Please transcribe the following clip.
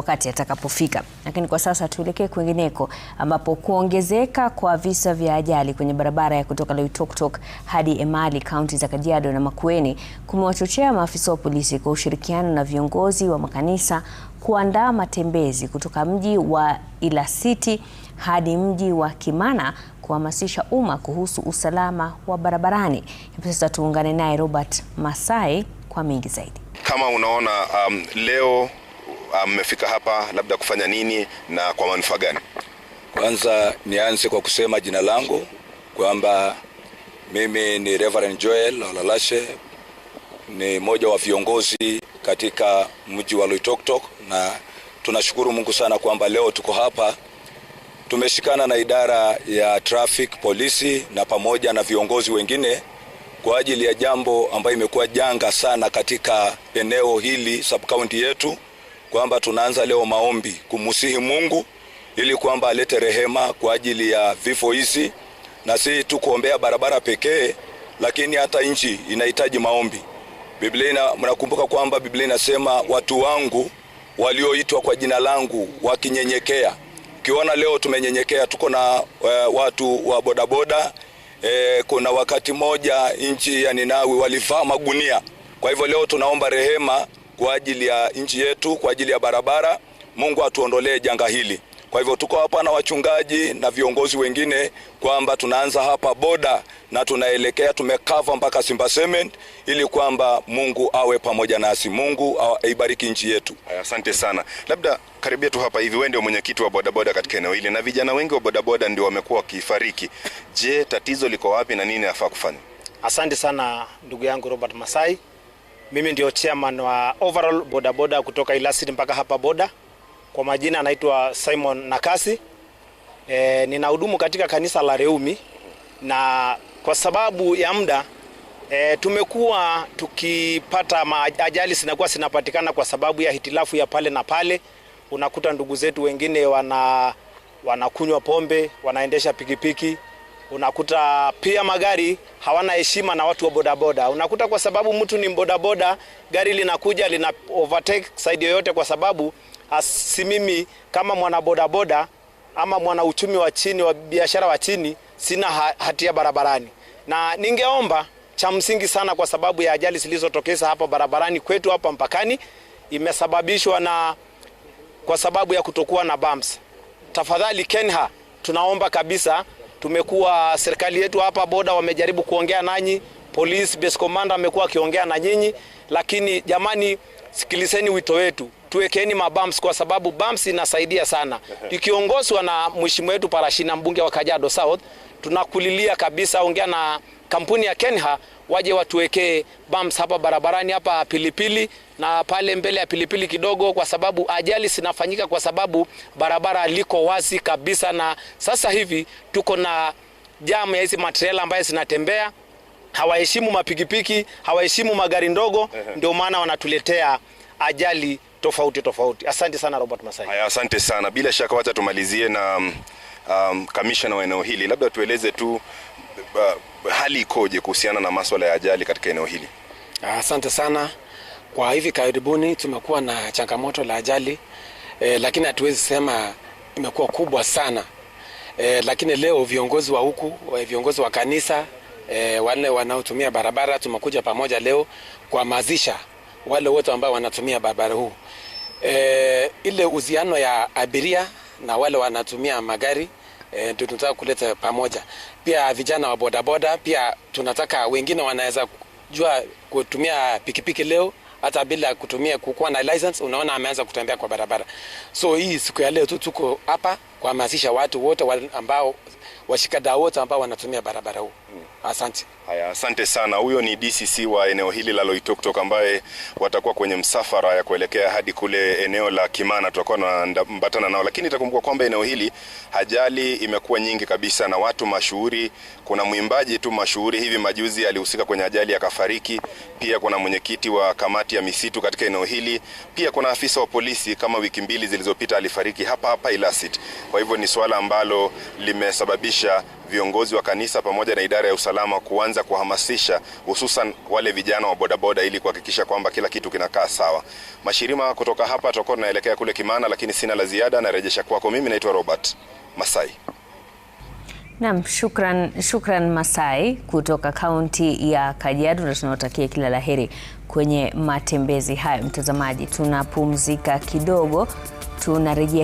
wakati atakapofika. Lakini kwa sasa tuelekee kwingineko ambapo kuongezeka kwa visa vya ajali kwenye barabara ya kutoka Loitoktok hadi Emali kaunti za Kajiado na Makueni kumewachochea maafisa wa polisi kwa ushirikiano na viongozi wa makanisa kuandaa matembezi kutoka mji wa Ilasiti hadi mji wa Kimana kuhamasisha umma kuhusu usalama wa barabarani. Hivi sasa tuungane naye Robert Masai kwa mengi zaidi. Kama unaona um, leo Ah, mmefika hapa labda kufanya nini na kwa manufaa gani? Kwanza nianze kwa kusema jina langu kwamba mimi ni Reverend Joel Olalashe, ni mmoja wa viongozi katika mji wa Loitoktok, na tunashukuru Mungu sana kwamba leo tuko hapa tumeshikana na idara ya traffic polisi na pamoja na viongozi wengine kwa ajili ya jambo ambayo imekuwa janga sana katika eneo hili sub county yetu kwamba tunaanza leo maombi kumusihi Mungu ili kwamba alete rehema kwa ajili ya vifo hizi, na si tu kuombea barabara pekee, lakini hata nchi inahitaji maombi. Biblia, mnakumbuka kwamba Biblia inasema watu wangu walioitwa kwa jina langu wakinyenyekea. Ukiona leo tumenyenyekea, tuko na e, watu wa bodaboda e, kuna wakati moja nchi ya Ninawi walivaa magunia. Kwa hivyo leo tunaomba rehema kwa ajili ya nchi yetu, kwa ajili ya barabara. Mungu atuondolee janga hili. Kwa hivyo tuko hapa na wachungaji na viongozi wengine kwamba tunaanza hapa boda na tunaelekea tumekava mpaka Simba Cement ili kwamba Mungu awe pamoja nasi. Mungu aibariki nchi yetu. Asante sana. Labda karibia tu hapa hivi, wewe ndio mwenyekiti wa bodaboda katika eneo hili na vijana wengi wa bodaboda ndio wamekuwa wakifariki. Je, tatizo liko wapi na nini afaa kufanya? Asante sana ndugu yangu Robert Masai. Mimi ndio chairman wa overall bodaboda boda kutoka Ilasi mpaka hapa boda. Kwa majina anaitwa Simon Nakasi. E, ninahudumu katika kanisa la Reumi na kwa sababu ya muda e, tumekuwa tukipata ajali zinakuwa zinapatikana kwa sababu ya hitilafu ya pale na pale. Unakuta ndugu zetu wengine wana wanakunywa pombe, wanaendesha pikipiki Unakuta pia magari hawana heshima na watu wa bodaboda. Unakuta kwa sababu mtu ni bodaboda, gari linakuja lina overtake side yoyote, kwa sababu si mimi kama mwana bodaboda ama mwana uchumi wa chini wa biashara wa chini, sina hatia barabarani, na ningeomba cha msingi sana, kwa sababu ya ajali zilizotokeza hapa barabarani kwetu hapa mpakani, imesababishwa na kwa sababu ya kutokuwa na bumps. Tafadhali KENHA, tunaomba kabisa Tumekuwa serikali yetu hapa boda wamejaribu kuongea nanyi, police base commander amekuwa akiongea na nyinyi, lakini jamani, sikilizeni wito wetu, tuwekeni mabams kwa sababu bams inasaidia sana, ikiongozwa na mheshimiwa wetu Parashina, mbunge wa kajado South. Tunakulilia kabisa, ongea na kampuni ya Kenha waje watuwekee bumps hapa barabarani hapa Pilipili na pale mbele ya Pilipili kidogo, kwa sababu ajali zinafanyika kwa sababu barabara liko wazi kabisa, na sasa hivi tuko na jamu ya hizi matrela ambaye zinatembea hawaheshimu mapikipiki, hawaheshimu magari ndogo Ndio maana wanatuletea ajali tofauti tofauti. Asante sana Robert Masai. Haya, asante sana bila shaka, wacha tumalizie na um, um, kamishna wa eneo hili, labda tueleze tu hali ikoje kuhusiana na maswala ya ajali katika eneo hili? Asante sana. Kwa hivi karibuni tumekuwa na changamoto la ajali e, lakini hatuwezi sema imekuwa kubwa sana e, lakini leo viongozi wa huku, eh, viongozi wa kanisa e, wale wanaotumia barabara tumekuja pamoja leo kuhamasisha wale wote ambao wanatumia barabara huu e, ile uziano ya abiria na wale wanatumia magari e, tunataka kuleta pamoja. Pia vijana wa bodaboda pia tunataka wengine wanaweza jua kutumia pikipiki leo hata bila kutumia kukuwa na license, unaona ameanza kutembea kwa barabara. So hii siku ya leo tu tuko hapa kuhamasisha watu wote ambao washikadau wote ambao wanatumia barabara huu. Asante. Haya, asante sana. Huyo ni DCC wa eneo hili la Loitoktok ambaye watakuwa kwenye msafara ya kuelekea hadi kule eneo la Kimana, tutakuwa naambatana nao, lakini itakumbuka kwamba eneo hili ajali imekuwa nyingi kabisa na watu mashuhuri. Kuna mwimbaji tu mashuhuri hivi majuzi alihusika kwenye ajali akafariki. Pia kuna mwenyekiti wa kamati ya misitu katika eneo hili, pia kuna afisa wa polisi kama wiki mbili zilizopita alifariki hapa hapa Ilasit. Kwa hivyo ni swala ambalo limesababisha viongozi wa kanisa pamoja na idara ya usalama kuanza kuhamasisha hususan wale vijana wa bodaboda ili kuhakikisha kwamba kila kitu kinakaa sawa. Mashirima, kutoka hapa tutakuwa tunaelekea kule Kimana, lakini sina la ziada, narejesha kwako. Mimi naitwa Robert Masai. Naam, shukran, shukran Masai kutoka kaunti ya Kajiado, na tunawatakia kila laheri kwenye matembezi hayo. Mtazamaji, tunapumzika kidogo, tunarejea.